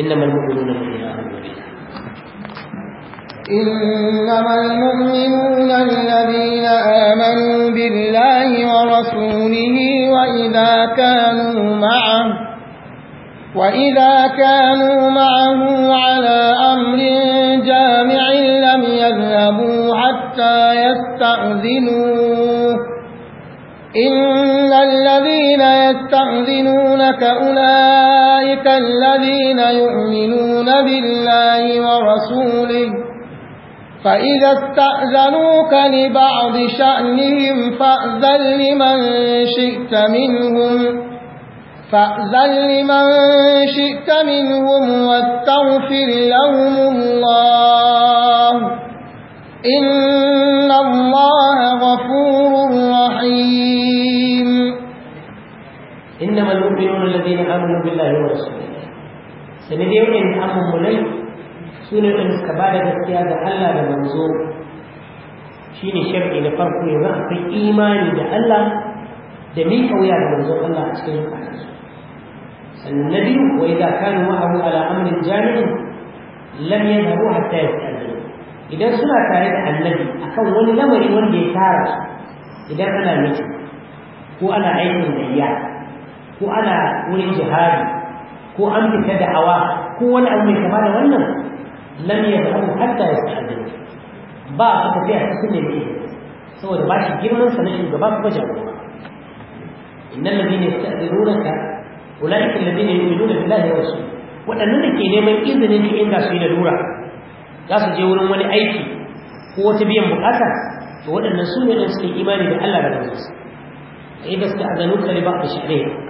إنما المؤمنون الذين آمنوا إنما المؤمنون الذين آمنوا بالله ورسوله وإذا كانوا معه وإذا كانوا معه على أمر جامع لم يذهبوا حتى يستأذنوه إن الذين يستأذنونك أولئك الذين يؤمنون بالله ورسوله فإذا استأذنوك لبعض شأنهم فأذن لمن شئت منهم فأذن لمن شئت منهم واستغفر لهم الله إن الله غفور رحيم إنما المؤمنون الذين آمنوا بالله ورسوله سنديهم إن أمم لي سنة إن السيادة ألا بمنظور شين الشرق لفرق يبقى في إيماني بألا دميك ويا بمنظور الله أسكنه أحسن النبي وإذا كانوا معه على أمر جامع لم يذهبوا حتى يستأذنوا إذا سنة تاريخ النبي أكون ولي لمري ولي تارس إذا أنا ميت ko ana aikin gayya ko ana wurin jihadi ko an fita da'awa ko wani abu mai kama da wannan lam yad'u hatta ba su tafiya ta sunne ne saboda ba shi girman sa na shugaba kuma jagora innal ladina yasta'dinunaka أولئك الذين يؤمنون بالله ورسوله وأننا كي نمن إذن إن كإن سوين دورا لا سجور من أيكي هو تبين بقاتا وأن سوين أنس الإيمان بألا بدرس فإذا استأذنوك لبعض شعرهم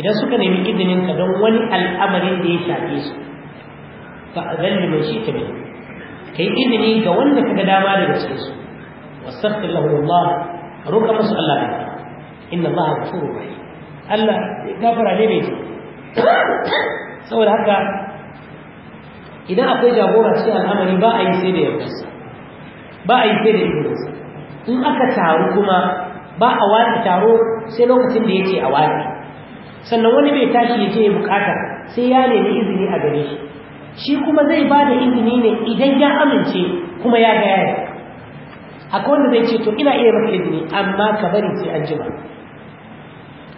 إذا سكن من إذن كدون الأمر دي شعبيس فأذن لمن شئت منه كي إذني كون كدامة لرسلس واستغفر لهم الله روك مسألة إن الله غفور رحيم Allah gafara ne mai saboda haka idan akwai jagora cikin al'amari ba a yi sai da yardarsa ba a yi sai da yardarsa in aka taru kuma ba a wani taro sai lokacin da ya ce a wani sannan wani bai tashi ya ce bukata sai ya nemi izini a gare shi shi kuma zai ba da izini ne idan ya amince kuma ya gaya akwai wanda zai ce to ina iya maka izini amma ka bari sai an jima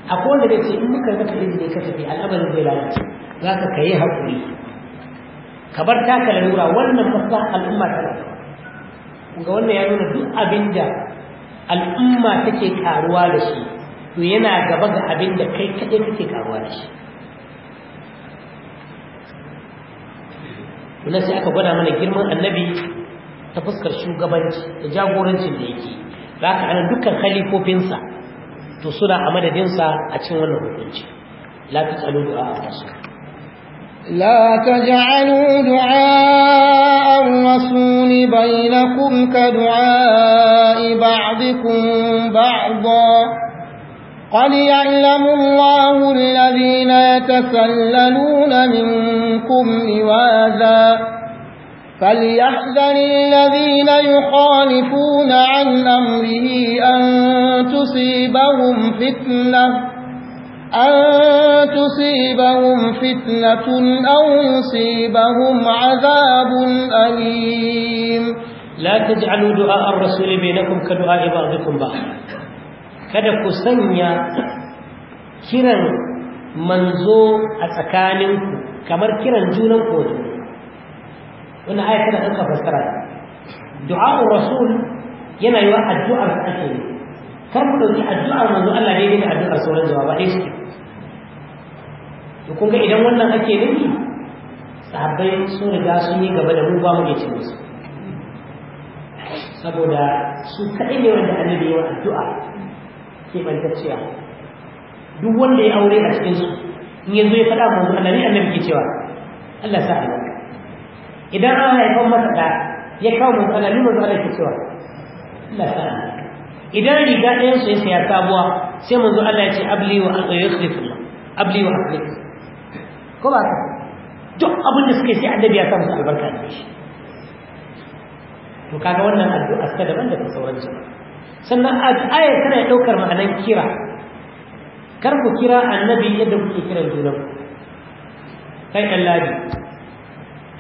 akwai da zai ce in muka maka ne ka tafi al'amarin zai lalace za ka kayi haƙuri ka bar taka larura wannan fasa al'umma ta ga wannan ya nuna duk abin da al'umma take karuwa da shi to yana gaba ga abin da kai kaɗai kake karuwa da shi wannan sai aka gwada mana girman annabi ta fuskar shugabanci da jagorancin da yake za ka ana dukkan khalifofinsa to suna a madadinsa a cikin wannan hukunci la tajalu du'a ar-rasul la taj'alu du'a ar-rasul bainakum ka du'a ba'dikum ba'dha قد يعلم الله الذين يتسللون منكم لواذا فليحذر الذين يخالفون عن أمره أن تصيبهم فتنة أن تصيبهم فتنة أو يصيبهم عذاب أليم لا تجعلوا دعاء الرسول بينكم كدعاء بعضكم بعضا kada ku sanya kiran manzo a tsakaninku kamar kiran junan kotu wannan aya tana ɗauka fassara du'a'ur rasul yana yiwa addu'ar da ake yi kar ku ɗauki addu'ar manzo Allah ne da addu'ar sauran jama'a ɗaya suke to kun ga idan wannan ake nufi sahabbai sun riga sun yi gaba da mu ba mu ne cikin su saboda su kaɗai ne wanda annabi yawan addu'a ke bantacciya, duk wanda ya aure a cikinsu in yanzu ya faɗa manzo ne annabi ke cewa Allah sa albarka idan ya kawo masa ɗa ya kawo matsala ni matsala ke cewa idan riga ɗayan su ya saya sabuwa sai manzo Allah ya ce abli wa yusrifullah abli wa akhlik ko ba ka duk abin da suke sai annabi ya samu albarka da shi to kaga wannan addu'a ta daban da sauran su sannan aya tana daukar ma'anar kira kar ku kira annabi yadda kuke kiran junan kai Allah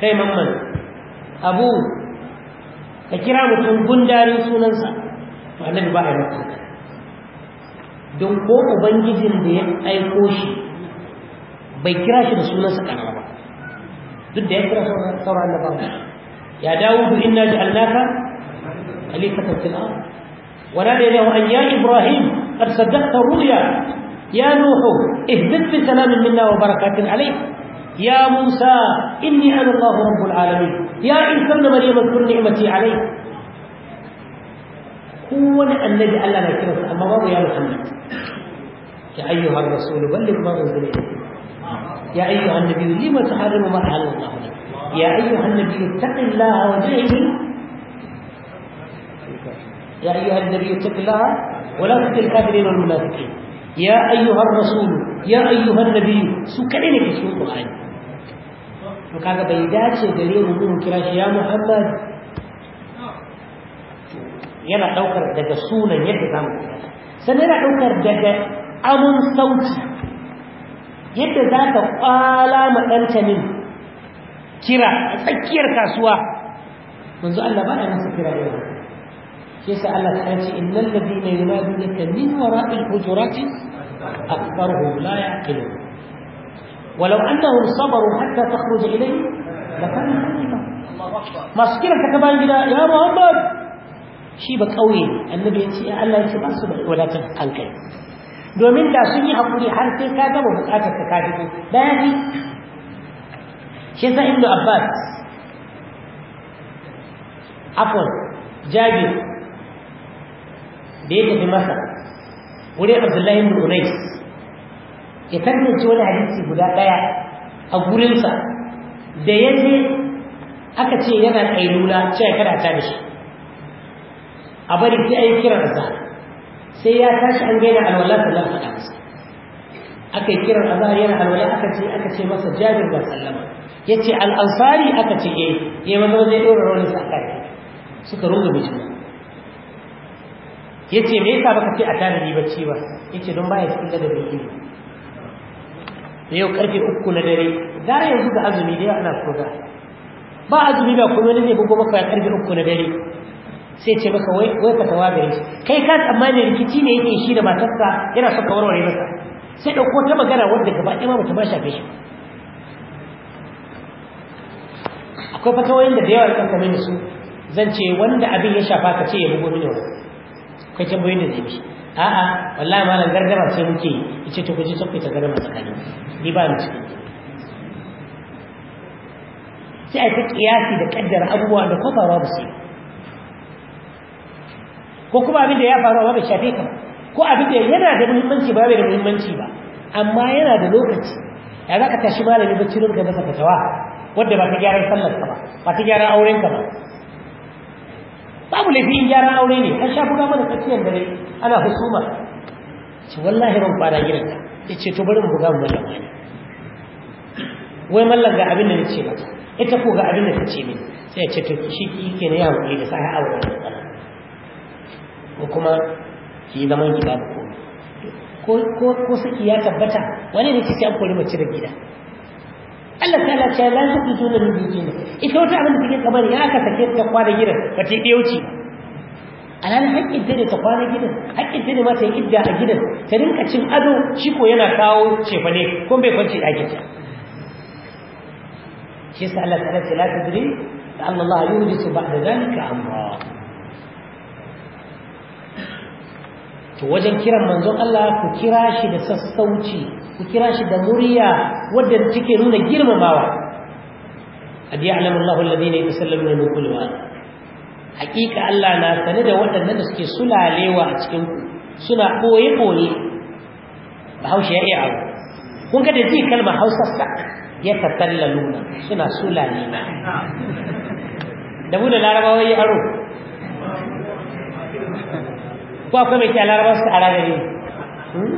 kai mamman abu ka kira mutum gundarin sunansa to annabi ba a yi maka don ko ubangijin da ya aiko shi bai kira shi da sunansa karama ba duk da ya kira sauran annabawa ya dawudu inna ja'alnaka khalifatan fil ard ونادى له ان يا ابراهيم قد صدقت الرؤيا يا نوح اهبط بسلام منا وبركات عليك يا موسى اني انا الله رب العالمين يا عيسى ابن مريم اذكر نعمتي عليك هو الذي الا لا كلمه اما برضه يا محمد يا ايها الرسول بلغ ما انزل اليك يا ايها النبي لم تحرم ما حرم الله يا ايها النبي اتق الله وجهه يا ايها النبي اتق الله ولا تطع الكافرين والمنافقين يا ايها الرسول يا ايها النبي سكرني في سوره to kaga bai dace gare mu mun kira shi ya Muhammad yana daukar daga sunan yadda zamu kira shi sannan yana daukar daga amun sauti yadda za ka kwala ma min kira a tsakiyar kasuwa manzo Allah ba ya masa kira yau shi yasa Allah ta ce innal ladina yunadunaka min wara'il hujurati أكثرهم لا يعقلون ولو أنهم صبروا حتى تخرج إليه لكان خيرا masu kiran ka ta bayan gida ya muhammad shi ba kauye annabi ya ce Allah ya ce ba su wadatar hankali domin da sun yi hakuri har sai ka gama bukatar ka ka fito bayani shi yasa ibnu abbas afwan jabir da ya tafi masa wurin abdullahi ibn unais ya tantance wani hadisi guda ɗaya a gurinsa da ya je aka ce yana ƙailula cewa kada ta da shi a bari sai a yi kiran za sai ya tashi an gaina alwala sannan faɗa masa aka yi kiran azhar yana alwala aka ce aka ce masa jabir ba sallama ya al-ansari aka ce eh yayi maza zai dora rawani sa kai suka runga ya ce me yasa baka ce a tare ni bacci ba ya ce don baya cikin da da ilimi da yau karfe uku na dare gara yanzu da azumi da yau ana koga ba azumi ba kuma wani zai bugo maka karfe uku na dare sai ce maka wai wai ka tawa gare shi kai ka tsammani rikici ne yake shi da matarsa yana so ka warware masa sai dauko ta magana wanda gaba ɗaya ma mutum ba shafe shi akwai fatawoyin da da yawa kan kamar su zan ce wanda abin ya shafa ka ce ya bugo mini wani kai tambayoyin da zai bi a'a wallahi malam gargara sai muke yace to kuje sai ta gargara tsakanin ni ba mu ciki sai a ta kiyasi da kaddara abubuwa da ko faruwa ba sai ko kuma abin da ya faruwa ba shafe ka ko abin da yana da muhimmanci ba bai da muhimmanci ba amma yana da lokaci ya zaka tashi malami ba cirin ka masa fatawa wanda ba ta gyaran sallar ka ba ba ta gyaran auren ka ba babu laifin gyaran aure ne an shafi gama da tsakiyar dare ana husuma ce wallahi ban kwana gidanka ya ce to bari mu buga mu mallan wani wai mallan ga abin da nace ba ita ko ga abin da ta ce min sai ya ce to shi ke ne ya hankali da sai aure da tsala ko kuma ki zaman ki babu ko ko saki ya tabbata wani ne ki sai an kori mace da gida Allah ta la ta la su tuna da gidi ne ita wata abin da take kamar ya aka sake ta kwana gidan ba ta dauci ba A alhalin haƙƙin ta ne ta kwana gidan haƙƙin ta ne ma ta yi idda a gidan ta rinka cin ado shi ko yana kawo cefa ne kuma bai kwanci ɗakin ta shi yasa Allah ta'ala ce la tadri da Allah yuhdisu ba'da zalika amra to wajen kiran manzon Allah ku kira shi da sassauci ku kira shi da murya wadda take nuna girmamawa ad ya'lamu Allahu alladhina yusallimuna minkum hakika Allah na sane da waɗannan da suke sulalewa a cikin suna koye koye bahaushe ya iya abu kun ga da ji kalmar hausa sak ya tasallaluna suna sulalema da bude larabawa ya aro ko akwai mai kya larabawa su ara gare hmm?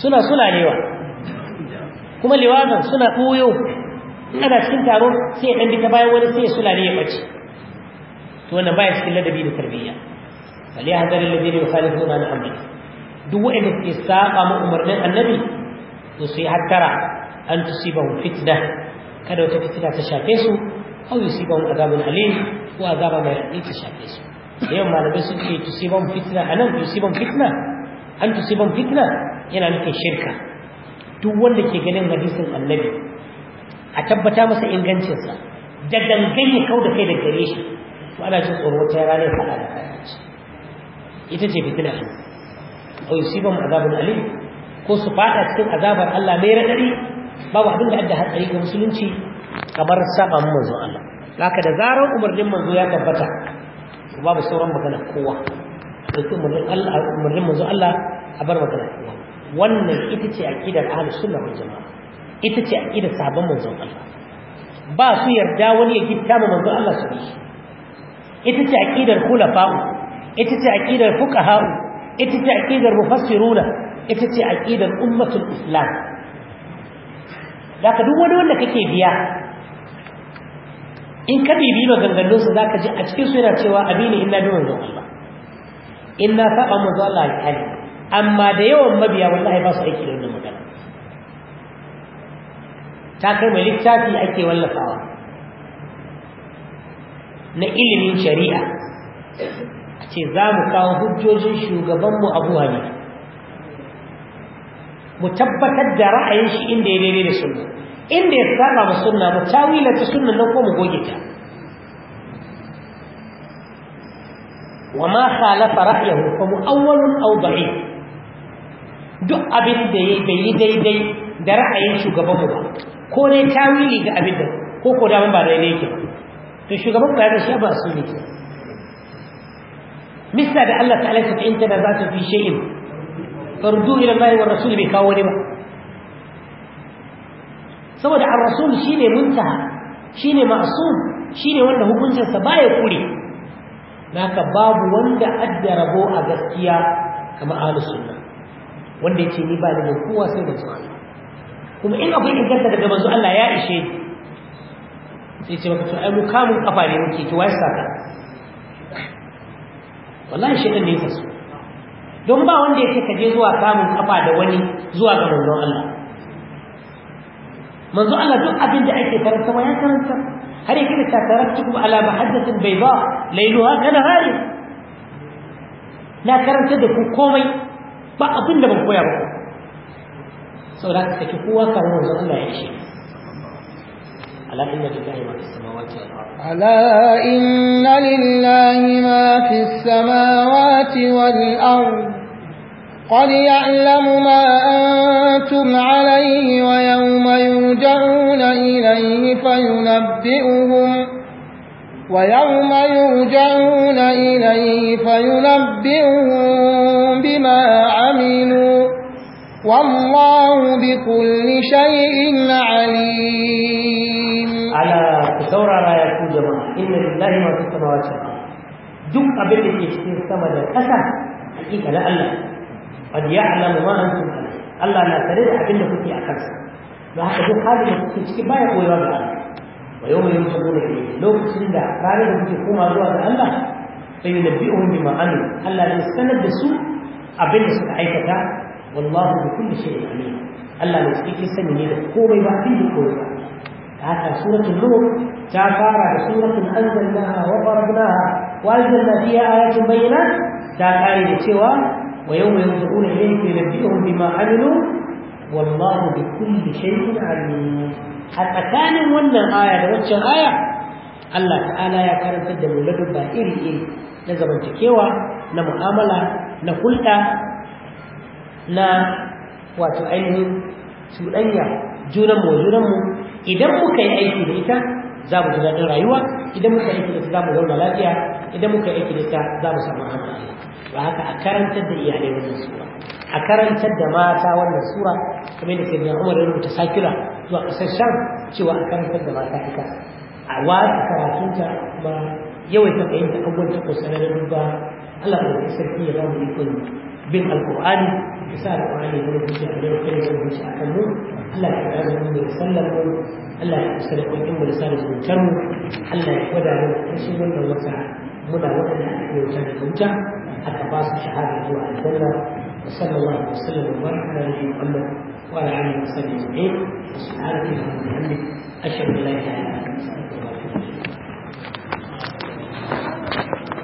suna sulalewa kuma liwazan suna koyo ana cikin taro sai ya dan bi bayan wani sai ya sulale ya bace to wannan baya cikin ladabi da tarbiyya bal ya hadar alladhina kuma na amri duk wanda ke saba ma umarnin annabi to sai hattara an tusibahu fitna kada wata fitina ta shafe su aw yusibahu adabun alim ko azaba mai radi ta shafe su da yawan malamai sun ce tusibahu fitna anan tusibahu fitna an tusibahu fitna yana nufin shirka duk wanda ke ganin hadisin annabi a tabbata masa ingancinsa da dangane ya kau da kai da gare shi to ana jin tsoro wata ranar faɗa da kayanci ita ce fitina ne a yusiba mu azabin alim ko su faɗa cikin azabar Allah mai raɗaɗi babu abin da adda hatsari ga musulunci kamar saba mu manzo Allah haka da zarar umarnin manzo ya tabbata babu sauran magana kowa dauki umarnin manzo Allah a bar magana kowa wannan ita ce aqidar ahlus sunna wal jamaa ita ce aqidar sahabban manzon Allah ba su yarda wani ya gitta ma manzon Allah su bi ita ce aqidar khulafa'u ita ce aqidar fuqaha'u ita ce aqidar mufassiruna ita ce aqidar ummatul islam daga duk wani wanda kake biya in ka bibi maganganun su zaka ji a cikin su yana cewa amini inna bi manzon Allah inna fa'a manzon Allah alhali amma da yawan mabiya wallahi ba su aiki da wannan magana ta kai mai littafi ake wallafawa na ilimin shari'a a ce za mu kawo hujjojin shugabanmu abu hanifa mu tabbatar da ra'ayin shi inda ya daidai da suna, inda ya saba ma sunna mu tawila ta suna nan ko mu goge ta wa ma khalafa ra'yahu fa mu'awwalun aw da'if duk abin da yayi bai daidai da ra'ayin shugabanmu ba ko dai tawili ga abin da ko ko da ba dai ne yake to shugaban ku ya ga shi ba su ne da Allah ta'ala ta in ta za ta fi shay'in fardu ila Allah wa rasul bai kawo ne ba saboda ar-rasul shine muntaha shine ma'sum shine wanda sa baya kure naka babu wanda addarabo a gaskiya kamar ahlus sunna wanda yake ni ba da kowa sai da tsari kuma in akwai inganta daga manzo Allah ya ishe sai ce maka to ai mu kamun kafa ne muke ki wai saka wallahi shedan ne yasa don ba wanda yake ka je zuwa kamun kafa da wani zuwa ga manzo Allah manzo Allah duk abin da ake karanta ya karanta har yake ta taraktukum ala mahaddatin bayda laylaha kanahari na karanta da ku komai ba abin da ban koya ba saboda ka saki kowa kamar manzon Allah ya ishe ala inna lillahi ma fis samawati wal ard ala inna lillahi ma fis samawati wal ard قد يعلم ما أنتم عليه ويوم يرجعون إليه فينبئهم ويوم يرجعون إليه فينبئهم بما عملوا والله بكل شيء عليم على كثورة لا يكون جماعة إن لله ما في السماوات دم أبدا يشتين سما دا كسا حقيقة لا الله قد يعلم ما أنتم عليه الله لا تريد أبدا كنت أكرس وهذا دم هذا يشتين ما يقول الله ويوم ينصرون إليه لو كنت رانا كنت كوما دوا الله فينبئهم بما عملوا الله يستند بسوء أبدا سنعيكتا wallahu bi kulli shay'in alim Allah mai cikin sani ne da komai ba abin da koyi ba haka suratul nur ta fara da suratul anzalnaha wa faradnaha wa anzalna fiha ayatin bayyinat ta kare da cewa wa yawma yunzuruna ilayka yunabbi'uhum bima amilu wallahu bi kulli shay'in a tsakanin wannan aya da waccan aya Allah ta'ala ya karanta da mu ba iri iri na zamantakewa na mu'amala na hulɗa na wato ainihin cuɗanya junanmu wa junanmu idan muka yi aiki da ita za mu rayuwa idan muka yi aiki da ita za mu zauna lafiya idan muka yi aiki da ita za mu samu hankali ba haka a karantar da iyalai wannan sura a karantar da mata wannan sura kamar yadda sai umar ya rubuta sakira zuwa ƙasar shan cewa a karantar da mata ita a watsa karatunta kuma yawaita fahimta abubuwan takwas na duba Allah ya sarki ya zama ikon bin alƙur'ani ya sa alƙur'ani ya rubuce a yau kai ya rubuce a kan mu Allah ya ƙara mu da sallar mu Allah ya kusa da kwakin mu da sa da zuciyar mu Allah ya gwada mu cikin wannan wata muna waɗanda ake wuta da wuta aka ba su shahada zuwa aljanna وصلى الله وسلم وبارك على نبينا محمد وعلى اله وصحبه اجمعين وسبحانك اللهم وبحمدك اشهد ان لا اله الا انت استغفرك واتوب اليك